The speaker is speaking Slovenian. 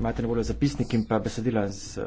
imate na voljo zapisnik in pa besedila z